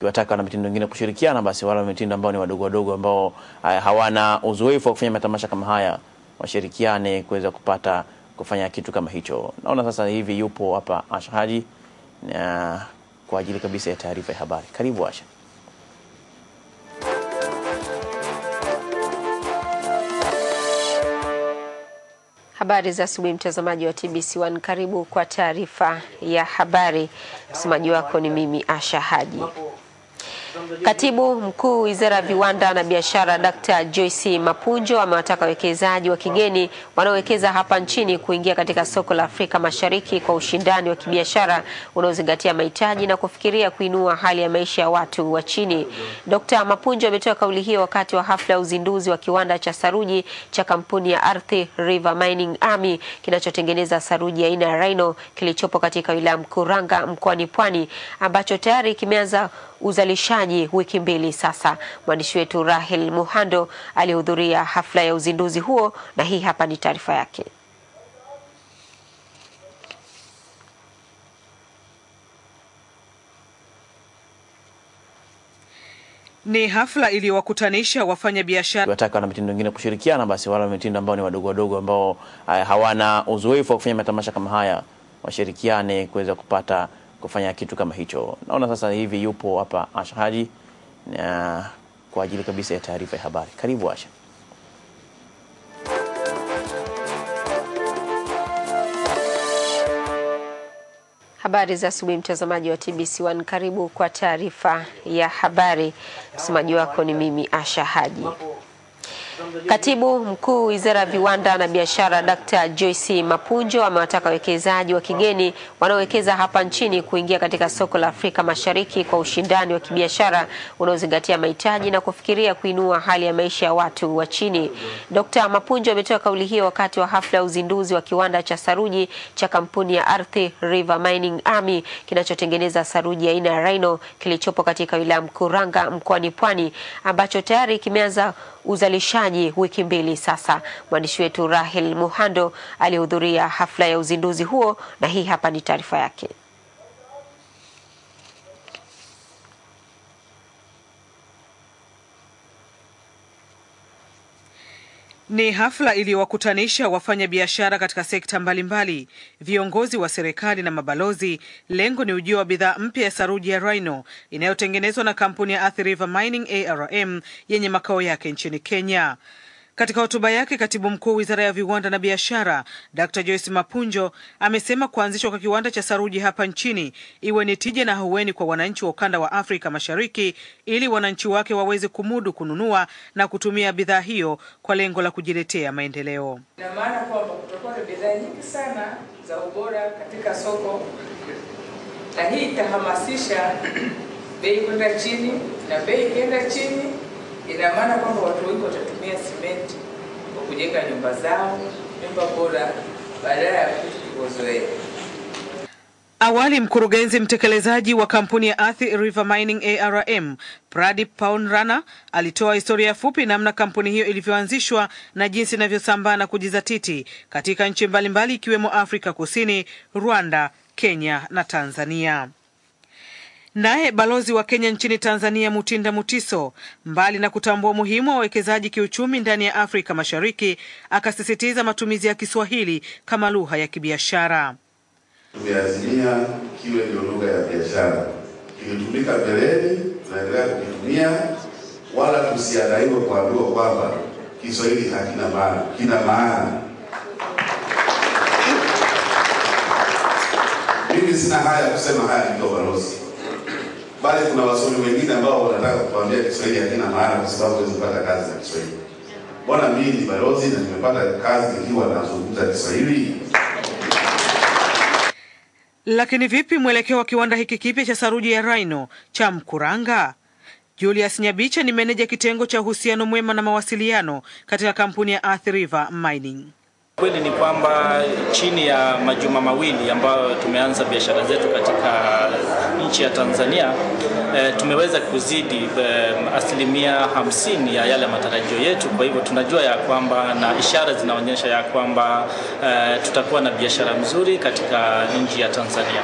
Kiwataka na mitindo mingine kushirikiana, basi wale mitindo ambao ni wadogo wadogo ambao eh, hawana uzoefu wa kufanya matamasha kama haya washirikiane kuweza kupata kufanya kitu kama hicho. Naona sasa hivi yupo hapa Asha Haji na kwa ajili kabisa ya taarifa ya habari. Karibu Asha. Habari za asubuhi, mtazamaji wa TBC1, karibu kwa taarifa ya habari. msomaji wako ni mimi Asha Haji. Katibu mkuu wizara ya viwanda na biashara Dr. Joyce Mapunjo amewataka wawekezaji wa kigeni wanaowekeza hapa nchini kuingia katika soko la Afrika Mashariki kwa ushindani wa kibiashara unaozingatia mahitaji na kufikiria kuinua hali ya maisha ya watu wa chini. Dr. Mapunjo ametoa kauli hiyo wakati wa hafla ya uzinduzi wa kiwanda cha saruji cha kampuni ya Arthi River Mining Army kinachotengeneza saruji aina ya Rhino kilichopo katika wilaya Mkuranga mkoani Pwani ambacho tayari kimeanza uzalishaji uandaaji wiki mbili sasa. Mwandishi wetu Rahel Muhando alihudhuria hafla ya uzinduzi huo na hii hapa ni taarifa yake. Ni hafla iliyowakutanisha wafanyabiashara wataka wana mitindo mingine kushirikiana, basi wale mitindo ambao ni wadogo wadogo ambao eh, hawana uzoefu wa kufanya matamasha kama haya washirikiane kuweza kupata kufanya kitu kama hicho. Naona sasa hivi yupo hapa Asha Haji na kwa ajili kabisa ya taarifa ya habari. Karibu Asha. Habari za asubuhi, mtazamaji wa TBC1, karibu kwa taarifa ya habari. Msemaji wako ni mimi Asha Haji. Katibu mkuu wizara ya viwanda na biashara Dkt. Joyce Mapunjo amewataka wawekezaji wa kigeni wanaowekeza hapa nchini kuingia katika soko la Afrika Mashariki kwa ushindani wa kibiashara unaozingatia mahitaji na kufikiria kuinua hali ya maisha ya watu wa chini. Dkt. Mapunjo ametoa kauli hiyo wakati wa hafla ya uzinduzi wa kiwanda cha saruji cha kampuni ya Arthi River Mining Army kinachotengeneza saruji aina ya Rhino kilichopo katika wilaya Mkuranga mkoani Pwani ambacho tayari kimeanza uzalishaji maji wiki mbili sasa. Mwandishi wetu Rahel Muhando alihudhuria hafla ya uzinduzi huo na hii hapa ni taarifa yake. Ni hafla iliyowakutanisha wafanyabiashara katika sekta mbalimbali, viongozi wa serikali na mabalozi. Lengo ni ujio wa bidhaa mpya ya saruji ya Rhino inayotengenezwa na kampuni ya Athi River Mining ARM yenye makao yake nchini Kenya. Katika hotuba yake, katibu mkuu wizara ya viwanda na biashara Dr Joyce Mapunjo amesema kuanzishwa kwa kiwanda cha saruji hapa nchini iwe ni tija na ahueni kwa wananchi wa ukanda wa Afrika Mashariki ili wananchi wake waweze kumudu kununua na kutumia bidhaa hiyo kwa lengo la kujiletea maendeleo. Ina maana kwamba kutakuwa na bidhaa nyingi sana za ubora katika soko, na hii itahamasisha bei kwenda chini, na bei ikienda chini Ina maana kwamba watu wengi watatumia simenti kwa kujenga nyumba zao, nyumba bora badala ya vitu Awali mkurugenzi mtekelezaji wa kampuni ya Athi River Mining ARM Pradip Paonrana alitoa historia fupi namna kampuni hiyo ilivyoanzishwa na jinsi inavyosambaa na kujizatiti katika nchi mbalimbali ikiwemo Afrika Kusini, Rwanda, Kenya na Tanzania. Naye balozi wa Kenya nchini Tanzania Mutinda Mutiso, mbali na kutambua umuhimu wa wawekezaji kiuchumi ndani ya Afrika Mashariki, akasisitiza matumizi ya Kiswahili kama lugha ya kibiashara. Tumeazimia kiwe ndio lugha ya biashara, imetumika mbeleni, tunaendelea kukitumia, wala tusiadaiwe kuambiwa kwamba Kiswahili hakina maana, kina maana. Mimi sina haya kusema haya nikiwa balozi bali kuna wasomi wengine ambao wanataka kutuambia Kiswahili hakina maana kwa sababu huwezi kazi za Kiswahili. mbona mimi ni balozi na nimepata kazi nikiwa nazungumza Kiswahili. Lakini vipi mwelekeo wa kiwanda hiki kipya cha saruji ya Rhino cha Mkuranga? Julius Nyabicha ni meneja kitengo cha uhusiano mwema na mawasiliano katika kampuni ya Earth River Mining. Kweli ni kwamba chini ya majuma mawili ambayo tumeanza biashara zetu katika nchi ya Tanzania e, tumeweza kuzidi e, asilimia hamsini ya yale matarajio yetu. Kwa hivyo tunajua ya kwamba na ishara zinaonyesha ya kwamba e, tutakuwa na biashara mzuri katika nchi ya Tanzania.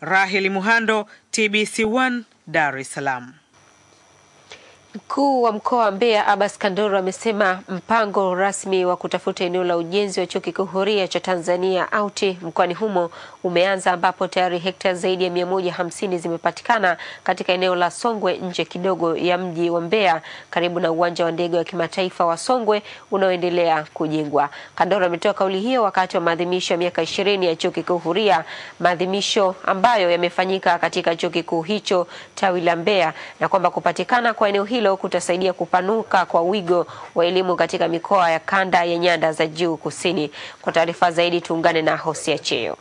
Raheli Muhando, TBC1, Dar es Salaam. Mkuu wa mkoa wa Mbeya Abbas Kandoro amesema mpango rasmi wa kutafuta eneo la ujenzi wa chuo kikuu huria cha Tanzania auti mkoani humo umeanza ambapo tayari hekta zaidi ya hamsini zimepatikana katika eneo la Songwe nje kidogo ya mji wa Mbeya karibu na uwanja wa ndege wa kimataifa wa Songwe unaoendelea kujengwa. Kandoro ametoa kauli hiyo wakati wa maadhimisho ya miaka 20 ya chuo kikuu huria, maadhimisho ambayo yamefanyika katika chuo kikuu hicho tawi la Mbeya, na kwamba kupatikana kwa eneo hilo hilo kutasaidia kupanuka kwa wigo wa elimu katika mikoa ya kanda ya nyanda za juu kusini. Kwa taarifa zaidi tuungane na Hosia Cheo.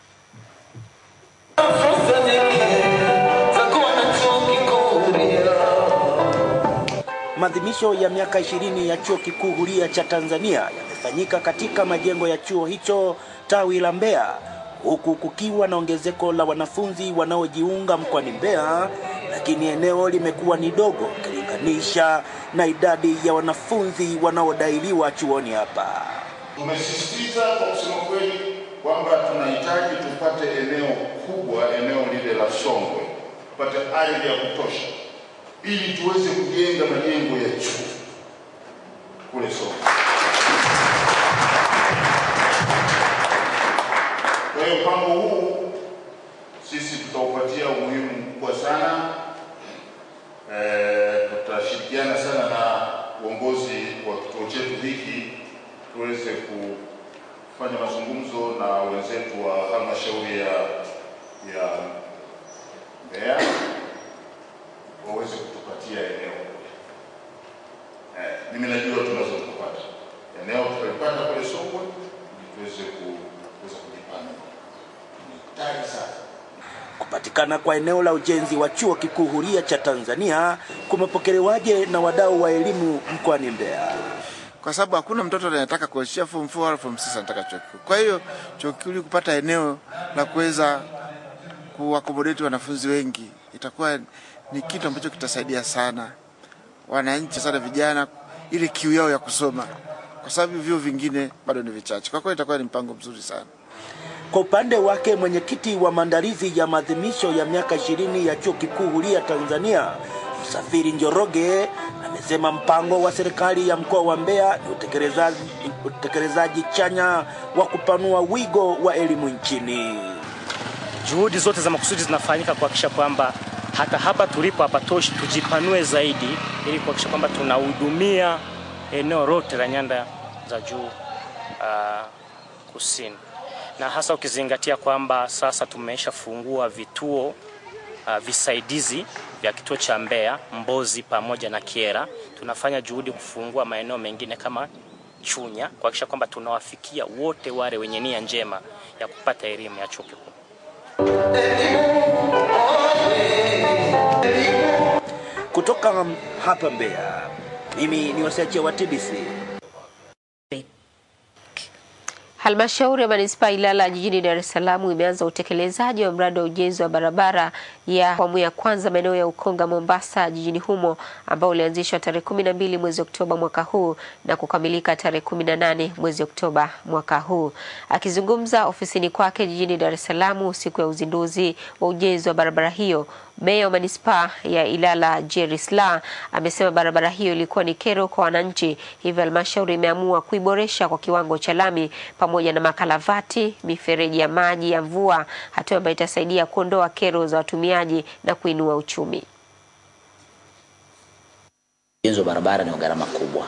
Maadhimisho ya miaka ishirini ya Chuo Kikuu Huria cha Tanzania yamefanyika katika majengo ya chuo hicho tawi la Mbeya, huku kukiwa na ongezeko la wanafunzi wanaojiunga mkoani Mbeya, lakini eneo limekuwa ni dogo kulinganisha na idadi ya wanafunzi wanaodahiliwa chuoni hapa. Tumesisitiza kwa kusema kweli kwamba tunahitaji tupate eneo kubwa, eneo lile la Songwe, tupate ardhi ya kutosha ili tuweze kujenga majengo ya chuo kule Songwe. Kwa hiyo mpango huu sisi tutaupatia umuhimu tuweze kufanya mazungumzo na wenzetu wa halmashauri ya ya Mbeya waweze kutupatia eneo. Eh, mimi najua tunaweza kupata eneo tutalipata kule Songwe ili tuweze kuweza kujipanga. Ni sana. Kupatikana kwa eneo la ujenzi wa chuo kikuu huria cha Tanzania kumepokelewaje na wadau wa elimu mkoani Mbeya? kwa sababu hakuna mtoto anayetaka kuishia form 4 au form 6 anataka chuo kikuu. Kwa hiyo chuo kikuu ili kupata eneo la kuweza kuakomodeti wanafunzi wengi itakuwa ni kitu ambacho kitasaidia sana wananchi, sana vijana, ili kiu yao ya kusoma, kwa sababu vyuo vingine bado ni vichache. Kwa kweli itakuwa ni mpango mzuri sana. Kwa upande wake mwenyekiti wa maandalizi ya maadhimisho ya miaka ishirini ya chuo kikuu huria Tanzania Msafiri Njoroge amesema mpango wa serikali ya mkoa wa Mbeya ni utekelezaji, chanya wa kupanua wigo wa elimu nchini. Juhudi zote za makusudi zinafanyika kuhakikisha kwamba hata hapa tulipo hapatoshi, tujipanue zaidi ili kuhakikisha kwamba tunahudumia eneo lote la nyanda za juu uh, kusini, na hasa ukizingatia kwamba sasa tumeshafungua vituo uh, visaidizi vya kituo cha Mbeya, Mbozi pamoja na Kiera. Tunafanya juhudi kufungua maeneo mengine kama Chunya kuhakikisha kwamba tunawafikia wote wale wenye nia njema ya kupata elimu ya chuo kikuu. Kutoka hapa Mbeya, mimi ni wasiachia wa TBC. Halmashauri ya Manispaa Ilala jijini Dar es Salaam imeanza utekelezaji wa mradi wa ujenzi wa barabara ya awamu ya kwanza maeneo ya Ukonga Mombasa jijini humo ambao ulianzishwa tarehe kumi na mbili mwezi Oktoba mwaka huu na kukamilika tarehe kumi na nane mwezi Oktoba mwaka huu. Akizungumza ofisini kwake jijini Dar es Salaam siku ya uzinduzi wa ujenzi wa barabara hiyo, Meya wa Manispaa ya Ilala Jerry Silaa amesema barabara hiyo ilikuwa ni kero kwa wananchi, hivyo halmashauri imeamua kuiboresha kwa kiwango cha lami pamoja pamoja na makalavati, mifereji ya maji ya mvua, hatua ambayo itasaidia kuondoa kero za watumiaji na kuinua uchumi. Ujenzi wa barabara ni gharama kubwa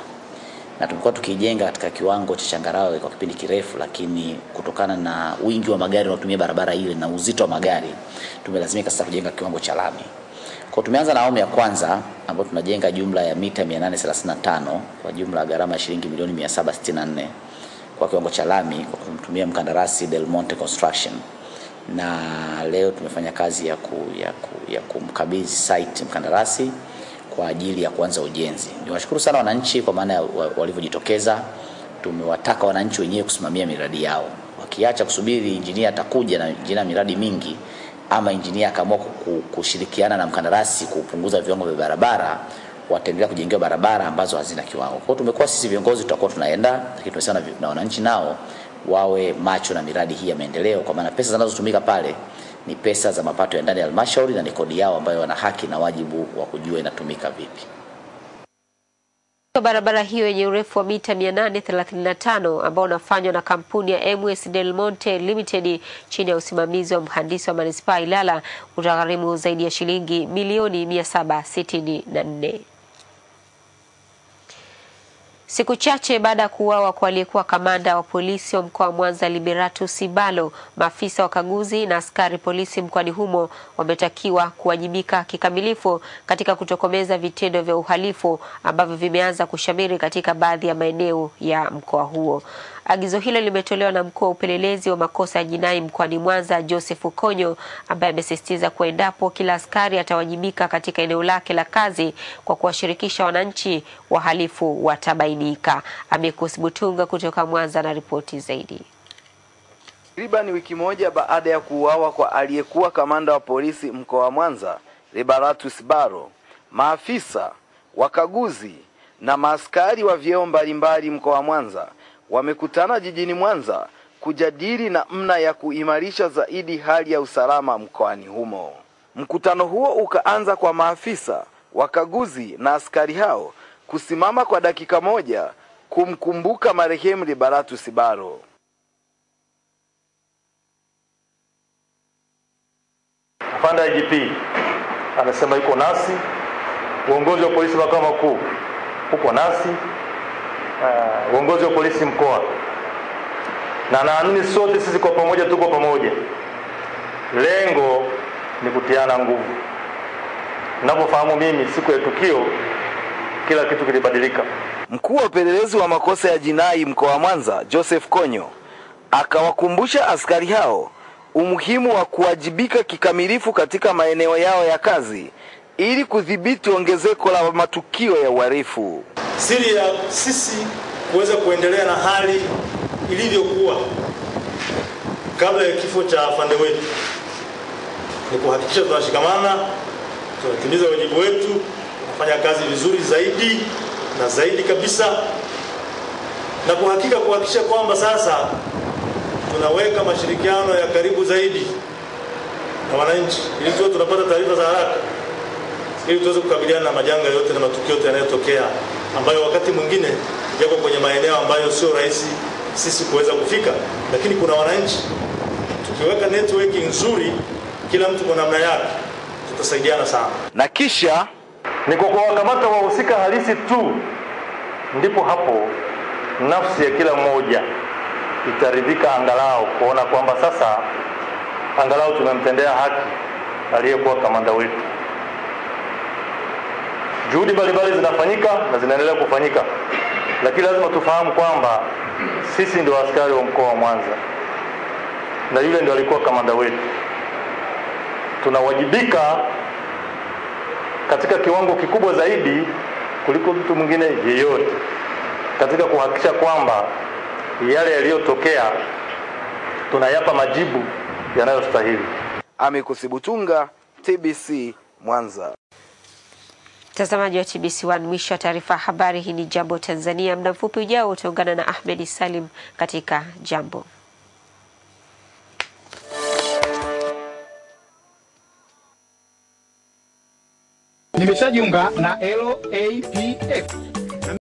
na tumekuwa tukijenga katika kiwango cha changarawe kwa kipindi kirefu, lakini kutokana na wingi wa magari wanaotumia barabara ile na uzito wa magari tumelazimika sasa kujenga kiwango cha lami. Kwa tumeanza na awamu ya kwanza ambayo tunajenga jumla ya mita 835 kwa jumla ya gharama ya shilingi milioni 764 kwa kiwango cha lami kwa kumtumia mkandarasi Del Monte Construction, na leo tumefanya kazi ya, ku, ya, ku, ya kumkabidhi site mkandarasi kwa ajili ya kuanza ujenzi. Niwashukuru sana wananchi kwa maana walivyojitokeza. Tumewataka wananchi wenyewe kusimamia miradi yao, wakiacha kusubiri injinia atakuja na jina miradi mingi, ama injinia akaamua kushirikiana na mkandarasi kupunguza viwango vya barabara wataendelea kujengewa barabara ambazo hazina kiwango. Kwa hiyo tumekuwa sisi viongozi tutakuwa tunaenda, lakini tumesema na wananchi nao wawe macho na miradi hii ya maendeleo, kwa maana pesa zinazotumika pale ni pesa za mapato ya ndani ya halmashauri na ni kodi yao ambayo wana haki na wajibu wa kujua inatumika vipi. Barabara hiyo yenye urefu wa mita 835 ambao unafanywa na kampuni ya MS Del Monte Limited chini ya usimamizi wa mhandisi wa manispaa Ilala utagharimu zaidi ya shilingi milioni 764. Siku chache baada ya kuuawa kwa aliyekuwa kamanda wa polisi wa mkoa wa Mwanza Liberatu Sibalo, maafisa wakaguzi na askari polisi mkoani humo wametakiwa kuwajibika kikamilifu katika kutokomeza vitendo vya uhalifu ambavyo vimeanza kushamiri katika baadhi ya maeneo ya mkoa huo. Agizo hilo limetolewa na mkuu wa upelelezi wa makosa ya jinai mkoani Mwanza, Joseph Konyo, ambaye amesisitiza kuwa endapo kila askari atawajibika katika eneo lake la kazi kwa kuwashirikisha wananchi, wahalifu watabainika. Amekus Butunga kutoka Mwanza na ripoti zaidi. Takriban wiki moja baada ya kuuawa kwa aliyekuwa kamanda wa polisi mkoa wa Mwanza Liberatus Baro, maafisa, wakaguzi na maaskari wa vyeo mbalimbali mkoa wa Mwanza wamekutana jijini Mwanza kujadili namna ya kuimarisha zaidi hali ya usalama mkoani humo. Mkutano huo ukaanza kwa maafisa wakaguzi na askari hao kusimama kwa dakika moja kumkumbuka marehemu Libaratu Sibaro. Afande IGP anasema yuko nasi, uongozi wa polisi makao makuu uko nasi Uh, uongozi wa polisi mkoa, na naamini sote sisi kwa pamoja tuko pamoja, lengo ni kutiana nguvu. Ninavyofahamu mimi, siku ya tukio kila kitu kilibadilika. Mkuu wa upelelezi wa makosa ya jinai mkoa wa Mwanza, Joseph Konyo, akawakumbusha askari hao umuhimu wa kuwajibika kikamilifu katika maeneo yao ya kazi ili kudhibiti ongezeko la matukio ya uhalifu. Siri ya sisi kuweza kuendelea na hali ilivyokuwa kabla ya kifo cha afande wetu ni kuhakikisha tunashikamana, tunatimiza wajibu wetu, tunafanya kazi vizuri zaidi na zaidi kabisa, na kuhakika kuhakikisha kwamba sasa tunaweka mashirikiano ya karibu zaidi na wananchi, ili tuwe tunapata taarifa za haraka ili tuweze kukabiliana na majanga yote na matukio yote yanayotokea ambayo wakati mwingine yako kwenye maeneo ambayo sio rahisi sisi kuweza kufika, lakini kuna wananchi. Tukiweka network nzuri, kila mtu kwa namna yake, tutasaidiana sana. Na kisha ni kwa kuwakamata wahusika halisi tu, ndipo hapo nafsi ya kila mmoja itaridhika angalau kuona kwamba sasa angalau tumemtendea haki aliyekuwa kamanda wetu. Juhudi mbalimbali zinafanyika na zinaendelea kufanyika, lakini lazima tufahamu kwamba sisi ndio askari wa mkoa wa Mwanza na yule ndio alikuwa kamanda wetu. Tunawajibika katika kiwango kikubwa zaidi kuliko mtu mwingine yeyote katika kuhakikisha kwamba yale yaliyotokea tunayapa majibu yanayostahili. Amikusibutunga, TBC Mwanza. Mtazamaji wa TBC One, mwisho wa taarifa ya habari hii ni Jambo Tanzania. Muda mfupi ujao utaungana na Ahmed Salim katika Jambo. Nimeshajiunga na LAPF.